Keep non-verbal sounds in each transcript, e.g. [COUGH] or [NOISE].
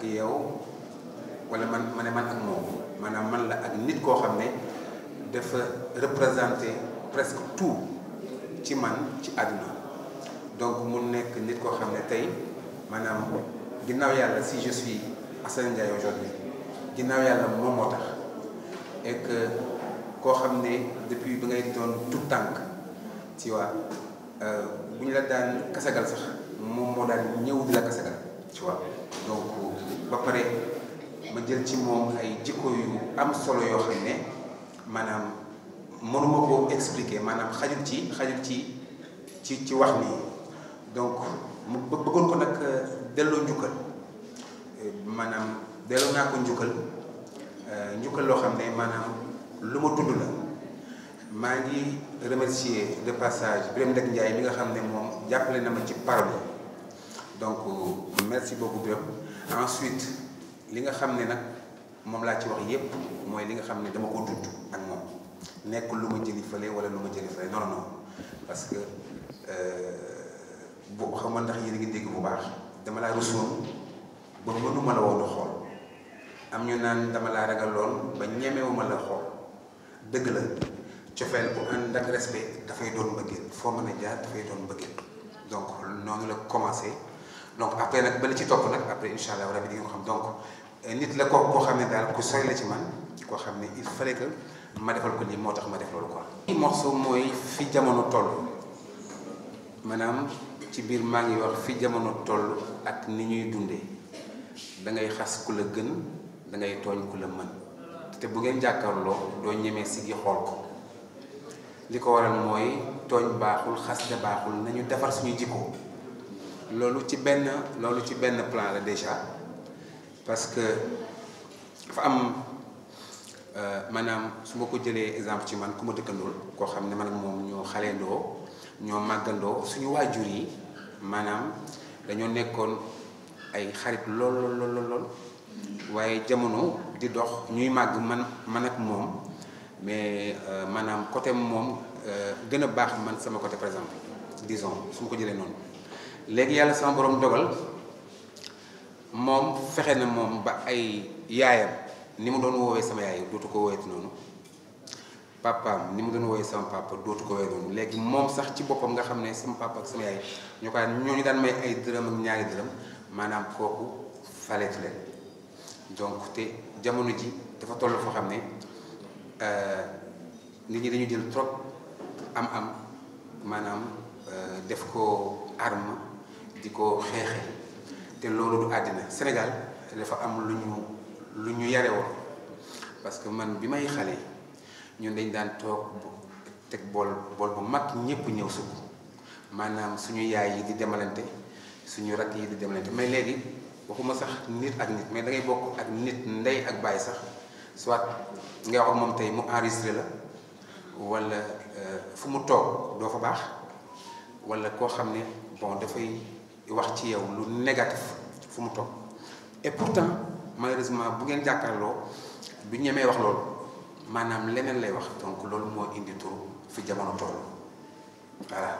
ak yow man ma ne man ak moom maanaam man la ak nit koo xam ne dafa représenté presque tout ci man ci àdduna donc mu nekk nit koo xam ne tey maanaam ginnaaw yàlla si je suis Assane Ndiaye aujourd'hui ginnaaw yàlla moom moo tax et koo xam ne depuis bi ngay doon tout tànk ci waa euh, bu ñu la daan kasagal sax moom moo daan ñëw di la kasagal ci waa donc ba pare ma jël ci moom ay jikko yu am solo yoo xam ne maanaam mënuma koo expliquer maanaam xajul ci xajul ci ci ci wax nii donc mu bëggoon ko nag euh, delloo njukkal euh, maanaam delloo naa ko njukkal euh, njukkal loo xam ne maanaam lu ma tudd la maa ngi remercier de passage Birame Ndek Ndiaye mi nga xam ne moom jàppale na ma ci parole donc merci beaucoup Birame ensuite li nga xam ne nag moom laa ci wax yépp mooy li nga xam ne dama ko dund ak moom nekk lu ma jëli fële wala lu ma jëli fële non non parce que boobu euh, xam nga ndax yéen bu baax dama laa rusoon ba mënuma la a xool am ñu naan dama laa ragaloon ba ñemewuma la xool dëgg la cofeel bu ànd respect dafay doon mbëggeel foo mën a jaar dafay doon mbëggeel donc noonu la commencé donc après nag ba la ci topp nag après incha allah rabi di nga ko xam donc euh, nit la koo koo xam ne daal ku sori la ci man koo xam ne il fallait que ma defal ko nii moo tax ma def loolu quoi. lii mooy fi jamono toll maanaam ci biir maa ngi wax fi jamono toll ak ni ñuy dunde da ngay xas ku la gën da ngay tooñ ku la mën te bu ngeen jàkkaarloo doo ñemee sigi xool ko li ko waral mooy tooñ baaxul xas da baaxul nañu defar suñuy jikko. loolu ci benn loolu ci benn plan la déjà parce que fa am euh, maanaam su ma ko jëlee exemple ci man ku ma dëkkandool koo xam ne man ak moom ñoo xaleendoo ñoo màggandoo suñu waajur yi maanaam dañoo nekkoon ay xarit lool lool lool waaye jamono di dox ñuy màgg man man ak moom mais euh, maanaam côté moom euh, gën a baax man sama côté par exemple disons su ma ko jëlee noonu léegi yàlla sama borom dogal moom fexe na moom ba ay yaayam ni mu doon woowee sama yaay dootu ko woowee noonu papaam ni mu doon woowee sama papa dootu ko woowee noonu léegi moom sax ci boppam nga xam ne sama papa ak sama yaay ñu ko daan ñooñu daan may ay dërëm ak ñaari dërëm maanaam kooku faleetu leen donc te jamono ji dafa toll foo xam ne euh, nit ñi dañu jël trop am-am maanaam euh, def ko arme. di ko xeexe te loolu du àddina Sénégal dafa am lu ñu lu ñu yare woon parce que man bi may xale ñun dañ daan toog teg bool bu mag ñëpp ñëw sukk maanaam suñu yaay yi di demalante suñu rakk yi di demalante mais léegi waxuma sax nit ak nit mais dangay bokk ak nit ndey ak bàyyi sax soit ngay wax moom tey mu enregistré la wala euh, fu mu toog doo fa baax wala koo xam ne bon dafay wax ci yow lu négatif fu mu toog et pourtant malheureusement bu ngeen jàkkaarloo du ñemee wax loolu maanaam leneen lay wax donc loolu moo indi tur fi jamono toll voilà.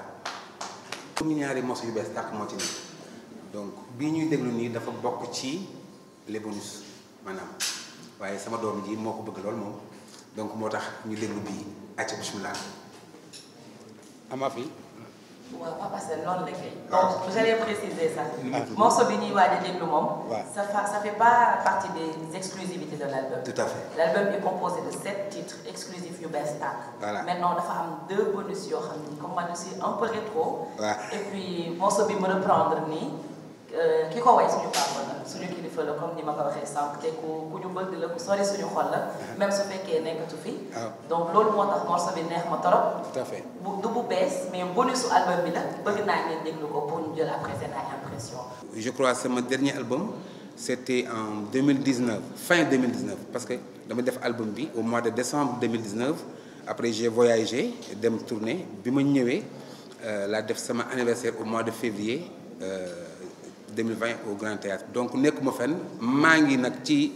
ñu ñaari mos yu bees tàkk moo ci donc bii ñuy déglu nii dafa bokk ci les maanaam waaye sama doom ji moo ko bëgg loolu moom donc moo tax ñu déglu bii acca bismillah ama fi waaw Papa Sène noonu la kay. donc vous allez préciser ça. Ah, morceau bi ñuy waaj a déglu fait partie des exclusivités de l' album. tout composé de sept titres exclusifs yu bees tàkk. voilà maintenant dafa am deux bonus yoo ni comme man aussi un peu rétro. Ouais. et puis morceau bi me reprendre nii. ki ko way suñu papa la suñu kilifa la comme ni ma ko waxee sànq te ku ku ñu bëgg la ku sori suñu xol la même su fekkee nekkatu fi donc loolu ma torop album bi la bëgg naa ngeen déglu ko pour ñu jël après seen ay impression album c'était en fin parce que dama def album bi au mois de décembre 2019 après j'ai voyagé dem tourner bi ma ñëwee euh, laa def sama anniversaire au mois de février euh, 2020 au Grand Théâtre donc nekkuma fen maa ngi nag ci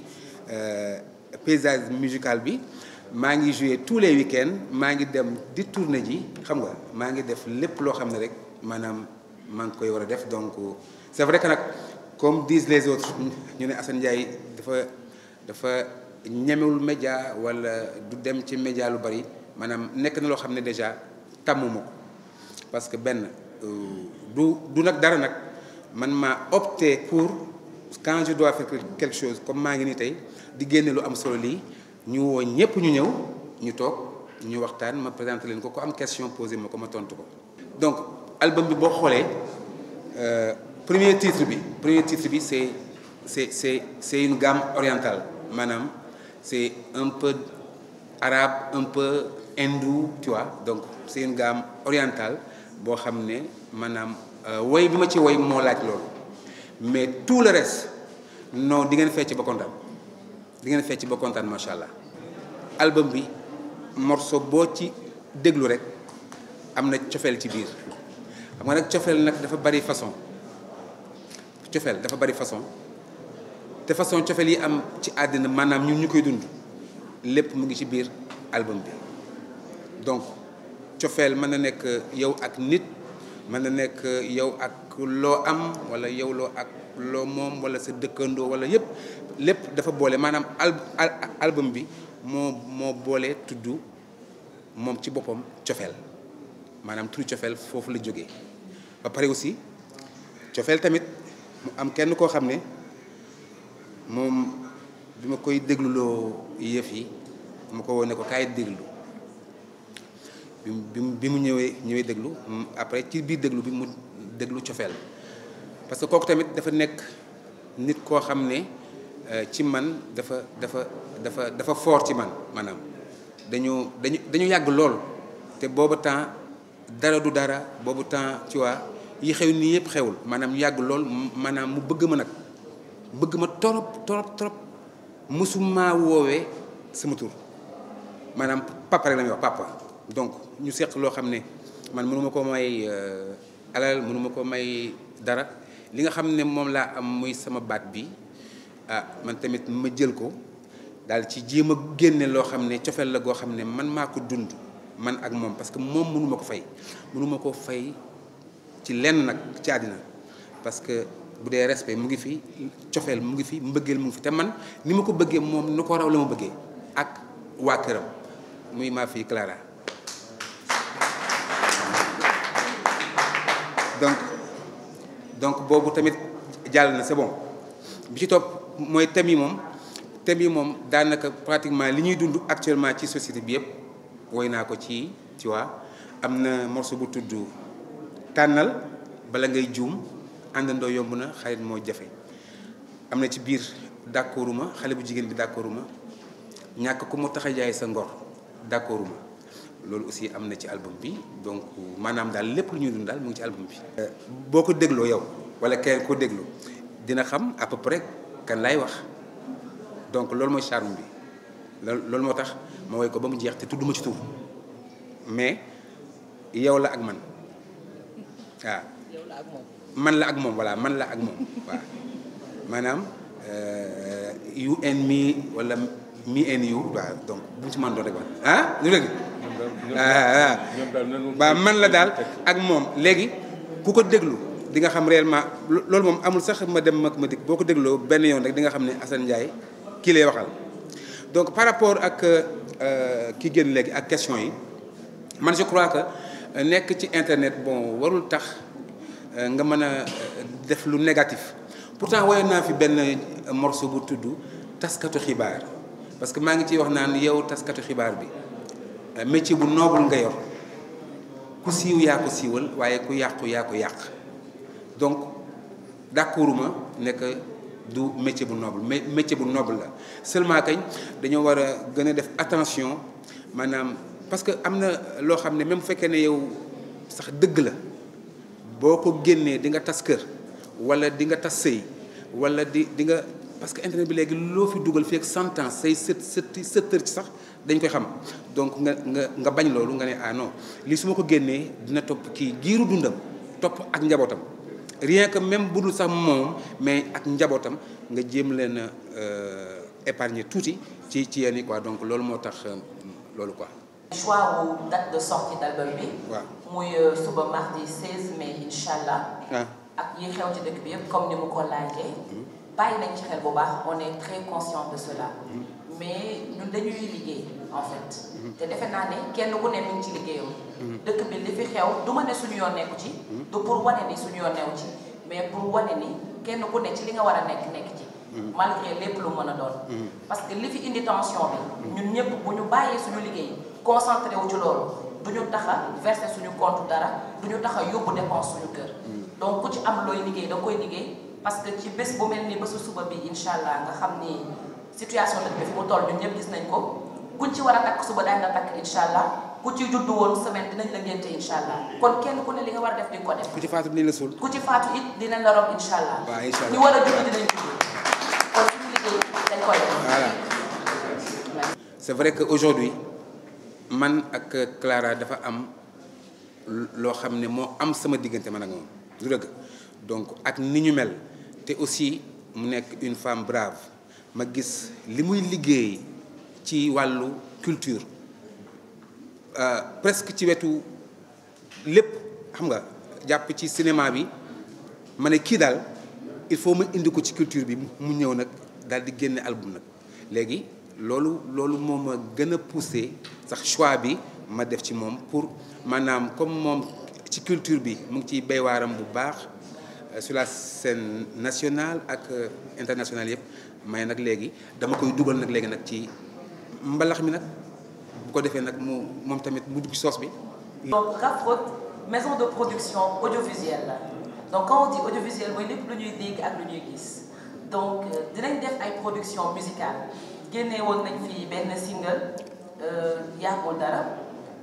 euh, paysage musical bi maa ngi joué tous les week maa ngi dem di tournée ji xam nga maa ngi def lépp loo xam ne rek maanaam maa ngi koy war a def donc c'est vrai que nag comme disent les autres ñu ne Assane Ndiaye dafa dafa ñemewul média wala du dem ci média lu bari maanaam nekk na loo xam ne déjà tàmmuma ko parce que benn euh, du du nag dara nag. man ma opté pour quand je dois faire quelque chose comme maa ngi ni tey di génne lu am solo lii ñu woo ñëpp ñu ñëw ñu toog ñu waxtaan ma présenté leen ko ku am question posé ma ko ma tontu ko. donc album bi boo xoolee euh, premier titre bi premier titre bi c'est c'est c'est c'est une gamme orientale maanaam c'est un peu arabe un peu hindou tu donc c'est une gamme orientale. boo xam ne maanaam euh, woy bi ma ci woy moo laaj loolu mais tout le reste non dingeen ngeen ci ba kontaan di ngeen fecc ba kontaan macha allah. album bi morso boo ci déglu rek am na cofeel ci biir xam nga nag cofeel nag dafa bari façon cofeel dafa bari façon te façon cofeel yi am ci àddina maanaam ñu ñu koy dund lépp mu ngi ci biir album bi donc. cofeel mën na nekk yow ak nit mën na nekk yow ak loo am wala yow loo ak loo moom wala sa dëkkandoo wala yëpp lépp dafa boole maanaam al album bi moo moo boole tudd moom ci boppam cofeel maanaam turu cofeel foofu la jóge ba pare aussi cofeel tamit mu am kenn koo xam ne moom bi ma koy dégluloo yëf yi ma ko woon ko kaay déglu bi mu bi mu ñëwee ñëwee déglu après ci biir déglu bi mu déglu cofeel parce que kooku tamit dafa nekk nit koo xam ne euh, ci man dafa dafa dafa dafa fort ci man maanaam dañu dañu dañu yàgg lool te boobu temps dara du dara boobu temps tu vois yi xew nii yëpp xewul maanaam yàgg lool maanaam mu bëgg ma nag bëgg ma torop torop torop mësuma woowee sama tur maanaam papa rek la ñuy wax donc ñu seq loo xam ne man mënu ma ko may euh, alal mënu ma ko may dara li nga xam ne moom laa am muy sama baat bi ah man tamit ma jël ko daal ci jéem a génne loo xam ne cofeel la goo xam ne man maa ko dund man ak moom parce que moom mënu ma ko fay mënu ma fay ci lenn nag ci àddina parce que bu dee respect mu ngi fi cofeel mu ngi fi mbëggeel mu ngi fi te man ni ma ko bëggee moom nu ko raw la ma bëggee ak waa këram muy maa fii Clara donc donc boobu tamit jàll na c'est bon bi ci topp mooy thème moom thème yi moom daanaka pratiquement li ñuy dund actuellement ci société bi yëpp woy naa ko ci tu vois am na morceau bu tudd tànnal bala ngay juum àndandoo yomb na xarit moo jafe am na ci biir d'accorduma xale bu jigéen bi d'accorduma ñàkk ko mu tax a jaay sa ngor d'accorduma loolu aussi am na ci album bi donc maanaam daal lépp lu ñuy dund daal mu ngi ci album bi. Euh, boo ko dégloo yow wala kenn ko déglu dina xam à peu kan lay wax donc loolu mooy charme bi loolu moo tax ma ko ba mu jeex te tudduma ci tur mais yow la ak man waaw. Ah. la ak moom man man la ak moom waaw [LAUGHS] maanaam you euh, and mi wala me and waaw ah, ah, ah. man la daal ak moom léegi ku ko déglu di nga xam réellement loolu moom amul sax ma dem mag ma dikk boo ko dégloo benn yoon rek di nga xam ne Assane Ndiaye kii lay waxal donc par rapport ak euh, ki génn léegi ak question yi man je crois que euh, nekk ci internet bon warul tax euh, nga mën a def lu négatif pourtant woyoon naa fi benn morso bu tudd taskatu xibaar parce que maa ngi ciy wax naan yow taskatu xibaar bi Euh, métier bu noble nga yor ku siiw yaa ko siiwal waaye ku yàqu yaa ko yàq donc d'accorduma nekk du métier bu noble mais métier bu noble la seulement kañ dañoo war a gën a def attention maanaam parce que am na loo xam ne même bu fekkee ne yow sax dëgg la boo ko génnee di nga tas kër wala di nga tas sëy wala di di nga parce que internet bi léegi loo fi dugal fii ak cent ans say sët sët sëtër ci sax dañ koy xam donc nga nga nga bañ loolu nga ne ah non lii su ma ko génnee dina topp kii giiru dundam topp ak njabootam rien que même budul sax moom mais ak njabootam nga jéem leen a euh, épargner tuuti ci ci yenn yi quoi donc loolu moo tax euh, loolu quoi. muy euh, suba mardi 16 mai allah. Ah. ak yi xew ci dëkk bi yëpp comme ni mu ko laajee. Mm-hmm. bàyyi nañ ci xel bu baax on est très conscient de cela. Mm-hmm. mais ñun dañuy liggéey. en te defe naa ne kenn ku ne mi ngi ci liggéeyam dëkk bi li fi xew du ma ne suñu yoon nekku ci du pour wane ni suñu yoon newu ci mais pour wane ni kenn ku ne ci li nga war a nekk nekk ci malgré lépp lu mën a doon parce que li fi indi tension bi ñun ñëpp bu ñu bàyyee suñu liggéey concentré wu ci loolu du ñu tax a suñu compte dara du ñu tax a yóbbu dépense suñu kër donc ku ci am looy liggéey da koy liggéey parce que ci bés bu mel ni bésu suba bi incha allah nga xam ni situation dëkk gis nañ ko ku ci war a takk suba daañu la takk incha ku ci juddu woon semaine dinañ la ngénte kon kenn ku ne li nga war def di ko def. ku ci faatu dinañ la suul. ku ci faatu it dinañ la rob incha allah. waaw war a juddu dinañ juddu kon suñu vrai que aujourd'hui man ak Clara dafa am loo xam ne moo am sama diggante man ak moom donc ak ni ñu mel te aussi mu nekk une femme brave ma gis li muy liggéey. ci wàllu culture euh, presque ci wetu lépp xam nga jàpp ci cinéma bi ma ne kii daal il faut ma indi ko ci culture bi mu ñëw nag daal di génne album nag léegi loolu loolu moom a gën a poussé sax choix bi ma def ci moom pour maanaam comme moom ci culture bi mu ngi ciy bay waaram bu baax euh, sur la scène nationale ak euh, internationale yëpp may nag léegi dama koy dugal nag léegi nag ci mbalax mi nag bu ko defee nag mu moom tamit mu dugg soos bi. donc Rafroth maison de production audiovisuelle la donc quand on dit audiovisuel mooy lépp lu ñuy dégg ak lu ñuy gis donc euh, dinañ def ay production musicale génne woon nañ fi benn single euh, yàggul dara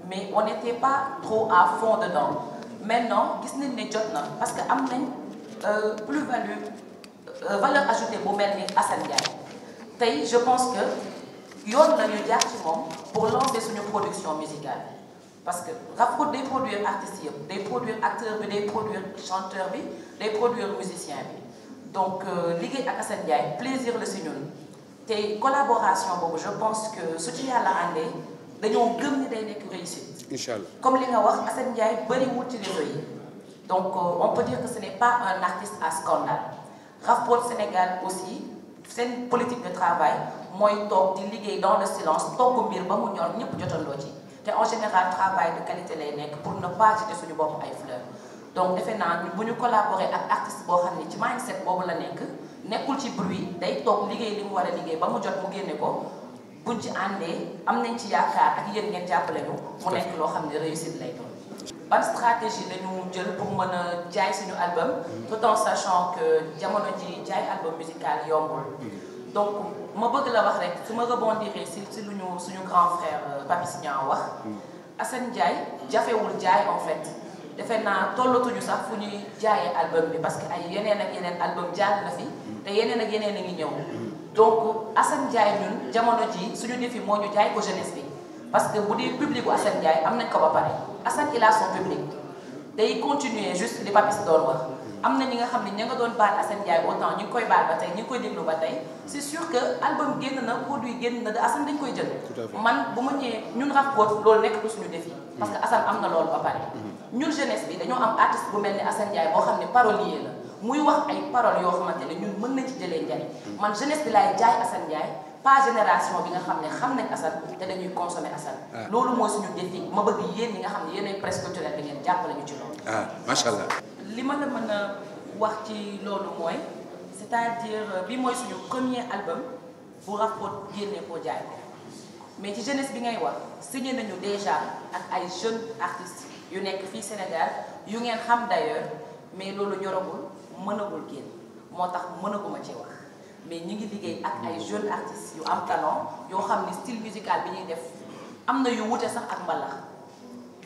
mais on n'était pas trop à fond dedans maintenant gis nañ ne jot na parce que am nañ euh, plus value valeur ajoutée bu mel ni Assane Ndiaye tey je pense que. yo la ñu jaar ci moom pour lancer suñu production musicale parce que Rafro day produire artistes yëpp day produire acteur bi day produire chanteur bi day produire musicien donc euh, liggéey ak Assane Ndiaye plaisir la si ñun te collaboration boobu je pense que su ci yàlla àndee dañoo gëm ni day nekk réussite. incha allah comme li nga wax Assane Ndiaye bëri wut ci réseau yi donc euh, on peut dire que ce n'est pas un artiste à scandale Rafport Sénégal aussi seen politique de travail. mooy toog di liggéey dans le silence togg mbir ba mu ñor ñëpp jotandoo ci te en général travail de qualité lay nekk pour ne pas jeter suñu bopp ay fleurs donc defe naa bu ñu collaborer ak artiste boo xam ne ci mindset boobu la nekk nekkul ci bruit day toog liggéey li mu war a liggéey ba mu jot mu génne ko buñ ci àndee am nañ ci yaakaar ak yéen ngeen jàppale ñu mu nekk loo xam ne réussite lay doon. ban stratégie lañu jël pour mën a jaay suñu album mm. tout en sachant que jamono ji jaay album musical yombul. Mm. donc ma bëgg la wax rek su ma rebondiree si si lu ñu suñu grand frère euh, Pape Signan wax mm. Assane Ndiaye jafewul jaay en fait defe naa tollatuñu sax fu ñuy jaayee album bi parce que ay yeneen ak yeneen album jaar na mm. te yeneen ak yeneen a ngi ñëw mm. donc Assane Ndiaye ñun jamono ji suñu défi moo ñu jaay ko jeunesse bi parce que bu dee public bu Assane am nañ ko ba pare Assane il a son public continuer juste li Pape si doon wax am na ñi nga xam ne ña nga doon baal Assane Ndiaye autant ñu koy baal ba tey ñu ngi koy déglu ba tey c' est que album génn na produit génn na de Assane dañ koy jël man bu ma ñëwee ñun rapport loolu nekk du suñu défi parce que mm-hmm. Assane am na loolu ba pare mm-hmm. ñun jeunesse bi dañoo am artiste bu mel ni Assane Ndiaye boo xam ne parolier la muy wax ay paroles yoo xamante ne ñun mën nañ ci jëlee njariñ mm-hmm. man jeunesse bi laay jaay Assane Ndiaye pas génération bi nga xam ne xam nañ Assane te dañuy consommer Assane ah. loolu mooy suñu défi ma bëgg yéen ñi nga xam ne yéenay presse culturelle bi ngeen jàppale ñu ci loolu ah macha allah li ma la mën a wax ci loolu mooy c'est-à-dire euh, bi mooy suñu premier album bu rapport génnee ko jaay mais ci jeunesse bi ngay wax signé nañu déjà ak ay jeunes artistes yu nekk fii Sénégal yu ngeen xam d'ailleurs mais loolu ñoragul mënagul génn moo tax mënaguma ci wax mais ñi ngi liggéey ak ay jeunes artistes yu am talent yoo xam ni style musical bi ñuy def am na yu wute sax ak mbalax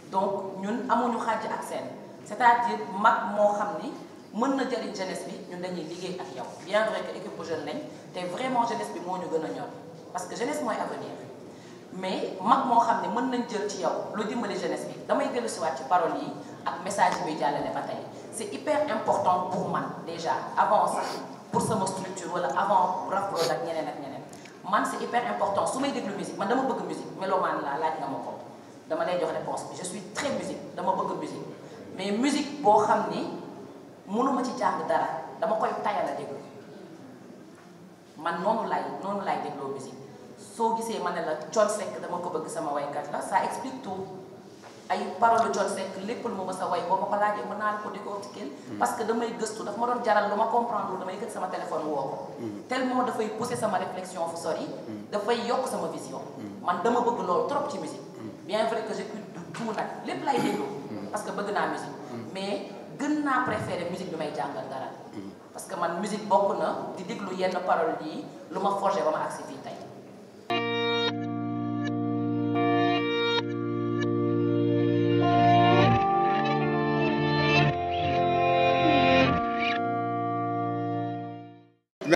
donc ñun amuñu xàjj ak seen c'est-à-dire mag moo xam ni mën na jëriñ jeunesse bi ñun ñuy liggéey ak yow bien vrai que équipe bu jeune lañ te vraiment jeunesse bi moo ñu gën a ñor parce que jeunesse mooy avenir mais mag moo xam ne mën nañ jël ci yow lu dimbali jeunesse bi damay dellu si waat ci paroles yi ak message bi muy jàllale ba tey c'est hyper important pour man déjà avant sax pour sama structure wala avant rafetlu ak ñeneen ak ñeneen man c'est hyper important su may déglu musique man dama bëgg musique mélomane laa laaj nga ko dama lay jox réponse bi je suis très musique dama bëgg musique. mais musique boo xam ni mënuma ci jàng dara dama koy tayal a déglu man noonu lay noonu lay dégloo musique soo gisee ma ne la Thione Seck dama ko bëgg sama waykat la ça explique tout ay parole Thione Seck lépp lu ma mës a way boo ma ko naa la ko décortiquer hmm. parce que damay gëstu dafa ma doon jaral lu ma comprendre lu damay gën sama téléphone woo ko hmm. tellement dafay pousser sama réflexion fu sori hmm. dafay yokk sama vision man dama bëgg loolu trop ci musique bien vrai que j'écoute du tout nag lépp lay déglu parce que bëgg naa musique mm. mais gën naa préféré musique bi may jàngal dara mm. parce que man musique bokk na di déglu yenn paroles yi lu ma forgé ba ma agsi fii tey